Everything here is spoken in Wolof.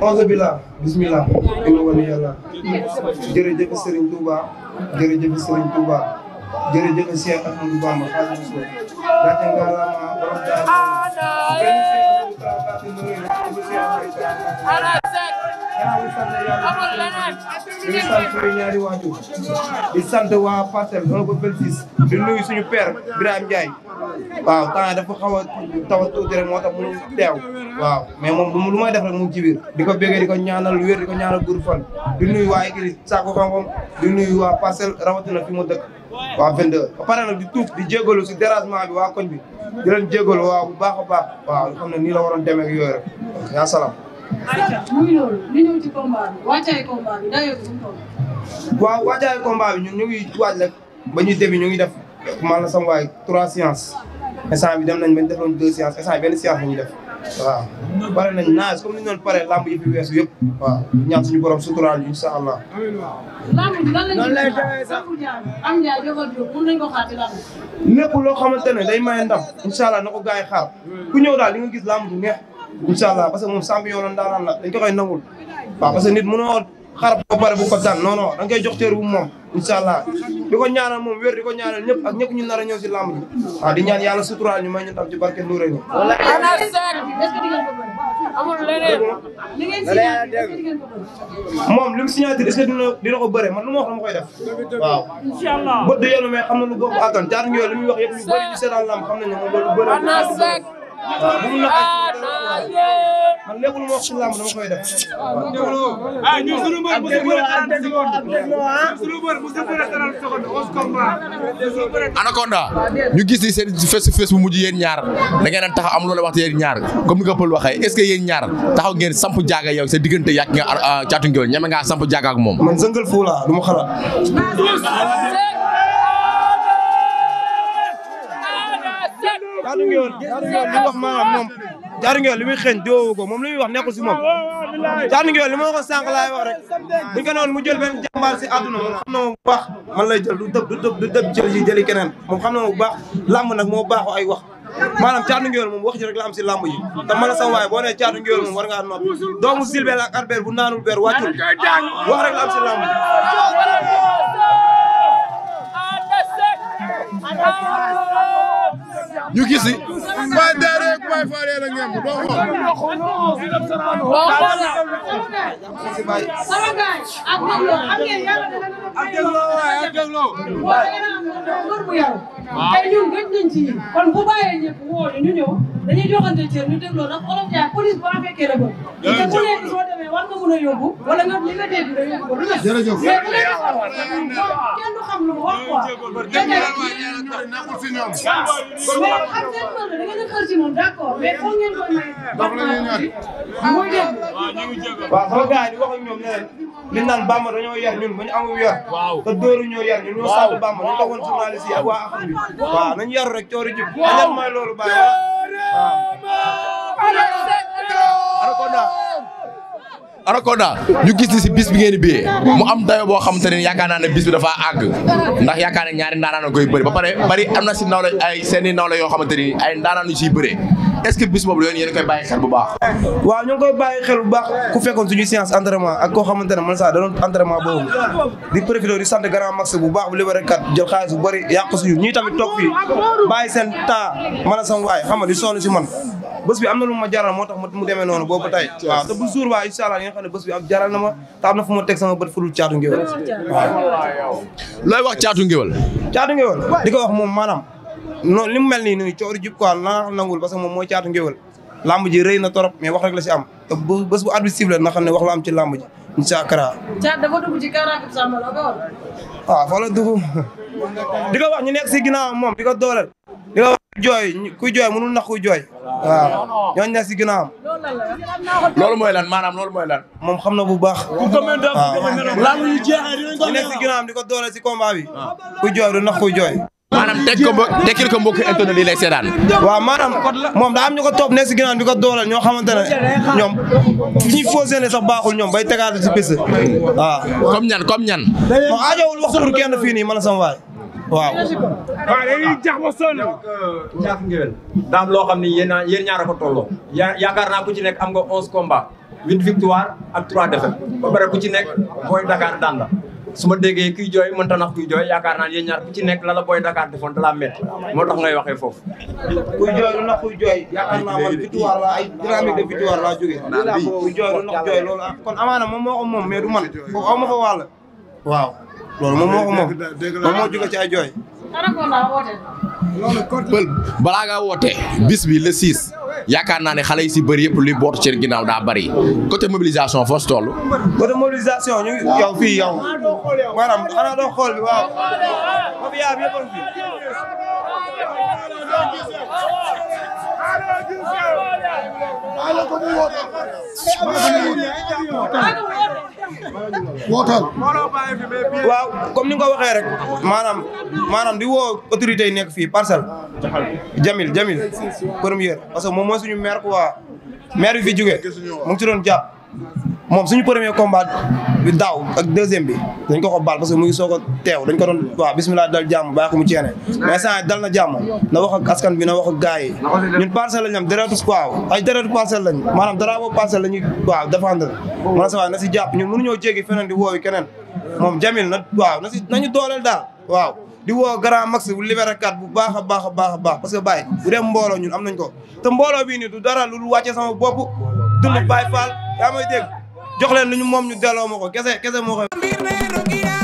onze bila bismillah ina wani yàlla jërëjëf Serigne Touba jërëjëf Serigne Touba jërëjëf Cheikh Ahmadou Bamba Xaadimu Rasuul gàcce nga la ma borom daal di sant suñu ñaari waajur di sant waa Parcelles zone ba 26 di nuyu suñu père Birame Ndiaye waaw temps dafa xaw a taw a tuuti rek moo mu teew waaw mais moom lu may def rek mu ngi di ko béggee di ko ñaanal wér di ko ñaanal gudd fan di nuyu waa écrit Sakko Xam-Xam di nuyu waa Parcelles rawatina fi mu dëkk waa 22 ba pare di tuuf di jégalu si dérangement bi waa koñ bi di leen jégalu waaw bu baax baax waaw xam ne nii la waroon demee ak yooyu rek yaa salaam muy loolu ñu ñëw ci combat bi wàccaay combat bi dayoo waaw wàccaay combat bi ñun ñu ngi waaj rek ba ñuy début ñu ngi def man la sama waay trois séances bi dem nañ bañ defoon deux séances instant benn séance la ñuy def waaw. pare nañ naaj comme ni ñu doon paree làmb fi weesu yëpp waaw ñaan suñu borom suturaal yi incha allah. làmb bi lan ko xaar loo xamante ne day maye ndam incha xaar ku ñëw daal di nga gis làmb du neex. incha allah parce que moom champion la ndaanaan la dañ ko koy nangul waaw parce que nit mënoo xarab ba pare bu ko daan non non da nga koy jox teer bu moom incha allah di ko ñaanal moom wér di ko ñaanal ñëpp ak ñëpp ñu nar a ñëw si làmb di ñaan yàlla suturaal ñu may ñu tam ci barke Nouré moom li mu signature est-ce que dina dina ko bëre man lu ma wax dama koy def. waaw. incha allah bët de yéen mais na lu góob bu àttan jaar ñëw li muy wax ñu bëri ñu seetaan lamb bu ma wax ci làmb dama koy def. ah ñu gis ni seen face to face bu mujj yéen ñaar da ngeen a taxaw am loola wax te yéen ñaar comme ni ko Paul waxee est ce que yéen ñaar taxaw ngeen samp jaaga yow sa diggante yàgg nga caatu ngéwél ñeme nga samp jaaga ak moom. man zëngal fuu laa du ma xalaat. jaaru ngeen wax maanaam moom jaaru ngeen li muy xeeñ doo wax nekkul si moom jaaru ngeen li ma ko sànq laay wax rek buñ ko mu jël benn jàmbaar si àdduna moom xam na moom baax man lay jël du dëb du dëb du dëb jël ji jëli keneen moom xam na moom bu baax làmb nag moo baax ay wax maanaam caatu ngéwél moom wax ji rek la am si làmb yi te man la sama waay boo nee caatu ngéwél moom war ngaa noppi bu naanul beer wàccul wax rek la am si làmb ñu gis ni. waaye day rek waaye faa réer ak ñoom doo xool. doo xool. sama gaay ak dégloo xam ngeen yàlla dana ak dégloo waaye ak dégloo. waaw ngor bu yaru. waaw tey ñun gëj nañ ci kon bu bàyyee ñëpp woo ñu ñëw dañuy joxante cër ñu dégloo ndax olof yaa police bu la fekkee la bëgg. jërëjëf te bu nekk soo demee war nga a yóbbu. wala nga li nga dégg a la ñuy ne leen ñu naan Bamba dañoo yar ñun ba ñu amul yar. waaw te dóoru ñoo yar ñun ñoo sàmm Bamba dañu taxoon journaliste yi ak waa affaire bi. waaw nañu yaru rek coori jub. waaw loolu mooy Anaconda ñu gis ni si bis bi ngeen di biyee mu am dayo boo xamante ne yaakaar naa ne bis dafa àgg ndax yaakaar ne ñaari ndaanaan a koy bëri ba pare bari na si ndaw la ay seen i yoo xamante ni ay ndaanaan yu siy bëree est-ce que bis boobu yéen yéen koy bàyyi xel bu baax waaw ñu ngi koy bàyyi xel bu baax ku fekkoon suñu séance entraînement ak koo xamante ne man sax danoon entraînement boobu di profité di sant grand max bu baax bu libéré kat jël xaalis bu bëri yàq suñu ñii tamit toog fii bàyyi seen temps man a sama waay xam nga di sonn si bés bi am na lu ma jaral moo tax mu demee noonu boobu tay waaw te bu jour waa incha allah yi nga xam ne bés bi am jaral na ma te am na fu ma teg sama bët fu dul caatu ngéwél waaw looy wax caatu ngéwél caatu ngéwél di ko wax moom maanaam non li mu mel nii nii coori jub quoi naa nangul parce que moom mooy caatu ngéwél lamb ji rëy na torop mais wax rek la si am te bu bés bu arbitre siffle na xam ne wax la am ci lamb ji incha allah. Thiat dafa dugg ci kaaraaku sàmm la ko. waaw fa la dugg di ko wax ñu nekk si ginnaaw moom di ko dooleel. li nga wax jooy nax kuy jooy. waaw ñooñu ne si ginnaawam. loolu mooy lan maanaam loolu mooy lan. moom xam na bu baax. waaw lan di ko doole si combat bi. Ah. kuy jooy du nax kuy jooy. maanaam teg ko tekkil ko mbokk internet yi lay seetaan. waaw maanaam moom daa am ñu ko topp ne si di ko dooleel ñoo xamante ne ñoom fi ñu faussé ne sax baaxul ñoom bay tegaat si piste waaw. comme ñan comme ñan. moo aajowul wax pour kenn fii nii man la sama waaw. waaw dañuy jax ba sonn. Euh, ñaar ngeen daam loo xam ni yéen a yéen ñaar a ko tolloo. yaakaar naa ku ci nekk am nga onze combats huit victoire ak trois défaites ba pare ku ci nekk booy dakaar daan la. su ma déggee kuy jooy mënta nax kuy jooy yaakaar naa yéen ñaar bu ci nekk la la booy Dakar defoon da laa métti moo tax ngay waxee foofu. kuy jooy lu nax kuy jooy yaakaar naa man victoire la ay jooy lu nax jooy loolu ah, kon amaana moom moo moom mais du man foofu aw ma fa wàll waaw. loolu moom moo ko moom moo jóge ci ay jooy. pël balaa ngaa woote bis bi le 6 yaakaar naa ne xale yi si bëri yëpp li bootu seen ginnaaw daa bëri côté mobilisation foos toll. côté mobilisation ñu yow fii yow maanaam xanaa doo xool bi waaw. maa wootal. waaw comme ni nga ko waxee rek maanaam maanaam di woo autorités yi nekk fii parcelle. Jamil Jamil première parce que moom mooy suñu maire quoi maire bi fi jógee mu ngi ci doon jàpp. moom suñu premier combat bi daaw ak deuxième bi dañ ko ko baal parce que mu ngi a teew dañ ko doon bismillah dal jàmm bàyyi ko mu ceene mais sant dal na jàmm na wax ak bi na wax ak ñun parcelle lañ am deretu waaw ay deretu parcelle lañ maanaam dara boobu parcelle la mana sa waaw na si jàpp ñun mënuñoo feneen di woowi keneen moom jamil na waaw na si nañu dooleel waaw di woo grand max bu libéré kat bu baax a baax a baax a baax parce que bàyyi bu dem mbooloo ñun am nañ jox leen lu ñu moom ñu delloo ma ko kese kese moo xam